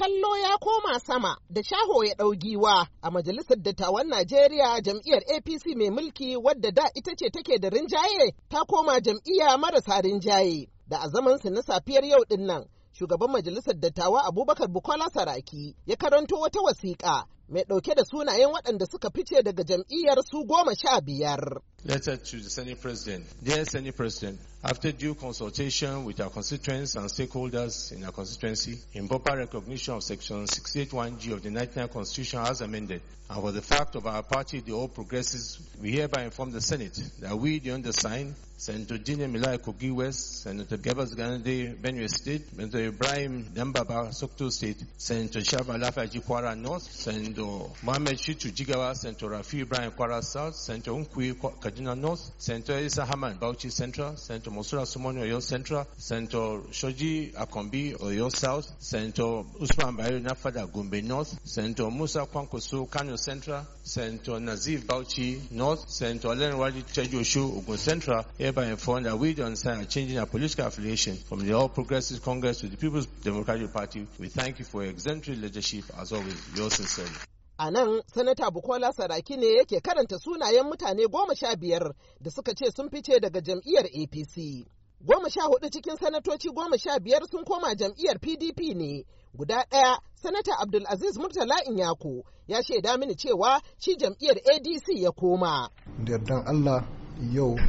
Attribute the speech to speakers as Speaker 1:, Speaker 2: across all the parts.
Speaker 1: kallo ya koma sama da shaho ya ɗau giwa a majalisar dattawan Najeriya jam'iyyar APC mai mulki wadda da ita ce take da rinjaye ta koma jam'iyya marasa rinjaye da a su na safiyar yau ɗin nan. Shugaban majalisar dattawa Abubakar Bukola Saraki ya karanto wata wasiƙa mai ɗauke da sunayen waɗanda suka fice daga jam'iyyar su goma sha biyar.
Speaker 2: Letter to the Senate President. Dear Senate President, after due consultation with our constituents and stakeholders in our constituency, in proper recognition of Section 681G of the 99 Constitution as amended, and for the fact of our party, the All Progressives, we hereby inform the Senate that we, the undersigned, Senator Dine Milai Kogi West, Senator Gabas Ganade, Benue State, Senator Ibrahim Dambaba, Sokoto State, Senator Shaba Lafaji Kwara North, Senator do Mohammed Shitu Jigawa, Center Rafi Ibrahim Kwara South, Center Unkui Kaduna North, Center Isa Haman Bauchi Central, Center Musura Sumoni Oyo Central, Center Shoji Akombi Oyo South, Center Usman Bayo Nafada Gombe North, Center Musa Kwankoso Kano Central, Center Nazif Bauchi North, Center Olenwadi Chejoshu Ogun Central, hereby informed that we don't sign in our political affiliation from the All Progressive Congress to the People's Democratic Party. We thank you for your exemplary leadership as always. Yours sincerely.
Speaker 1: A nan, Sanata Bukola Saraki ne yake karanta sunayen mutane goma sha biyar da suka ce sun fice daga jam'iyyar APC. Goma sha hudu cikin sanatoci goma sha biyar sun koma jam'iyyar PDP ne. Guda ɗaya, Sanata Abdulaziz Murtala Inyako ya shaida mini cewa shi jam'iyyar ADC ya koma.
Speaker 3: Da yardan Allah yau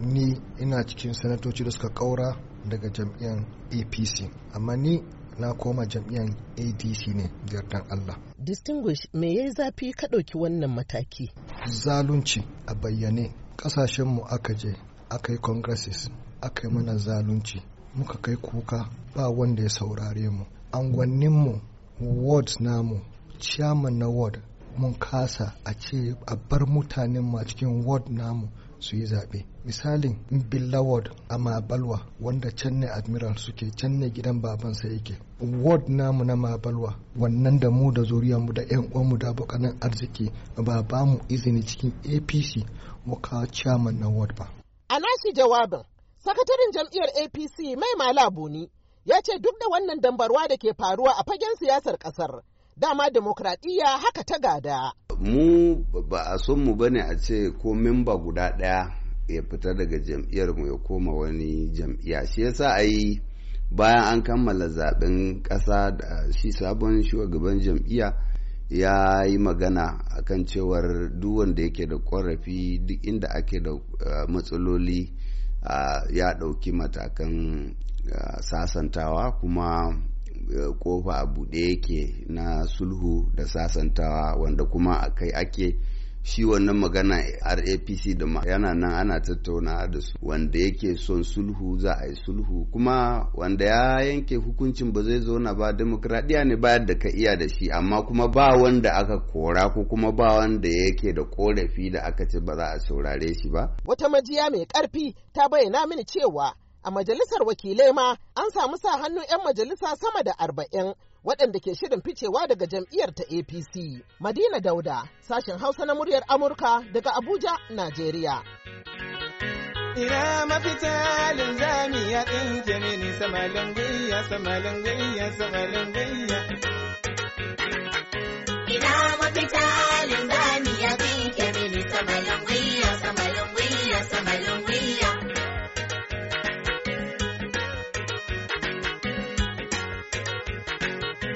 Speaker 3: ni ina cikin sanatoci da suka ƙaura daga jam'iyyar APC. Amma ni na koma jam'iyyar adc ne yardan allah
Speaker 1: distinguish me ya zafi ka ɗauki wannan mataki
Speaker 3: zalunci a bayyane ƙasashenmu aka je aka yi congresses aka yi mana zalunci muka kai kuka ba wanda ya saurare mu angwanninmu wards namu chairman na ward mun kasa a ce a bar mutanen ma cikin ward namu su yi zaɓe misalin Bill ward a mabalwa wanda can ne admiral suke can ne gidan babansa yake ward namu na mabalwa wannan da mu da zuriyarmu da yan uwanmu da abokanan arziki ba ba mu izini cikin apc muka chairman na ward ba
Speaker 1: a nashi jawabin sakataren jam'iyyar apc mai malabu ne ya ce duk da wannan dambarwa da ke faruwa a fagen siyasar kasar dama demokradiyya haka ta gada
Speaker 4: mu ba a son mu bane a ce ko memba guda ɗaya ya fita daga jam'iyyar mu ya koma wani jam'iyya shi yasa a yi bayan an kammala zaben ƙasa da shi sabon shugaban jam'iyya ya yi magana kan cewar duk wanda yake da korafi duk inda ake da eh, matsaloli eh, ya ɗauki matakan eh, sasantawa kuma Eh, kofa a buɗe yake na sulhu da sasantawa wanda kuma a kai ake shi wannan magana rapc da ma. yana nan ana tattauna da su wanda yake son sulhu za a yi sulhu kuma wanda ya yanke hukuncin ba zai zauna ba demokradiyya ne bayar da ka iya da shi amma kuma ba wanda aka kora ko kuma ba wanda yake da korafi da aka ce ba za a saurare shi ba
Speaker 1: wata majiya mai karfi ta bayyana mini cewa A majalisar wakilai ma an samu sa hannun 'yan majalisa sama da arba'in waɗanda ke shirin ficewa daga jam'iyyar ta APC. Madina Dauda, sashen Hausa na muryar Amurka daga Abuja, Najeriya. Ina mafita linzami ya ɗinke sama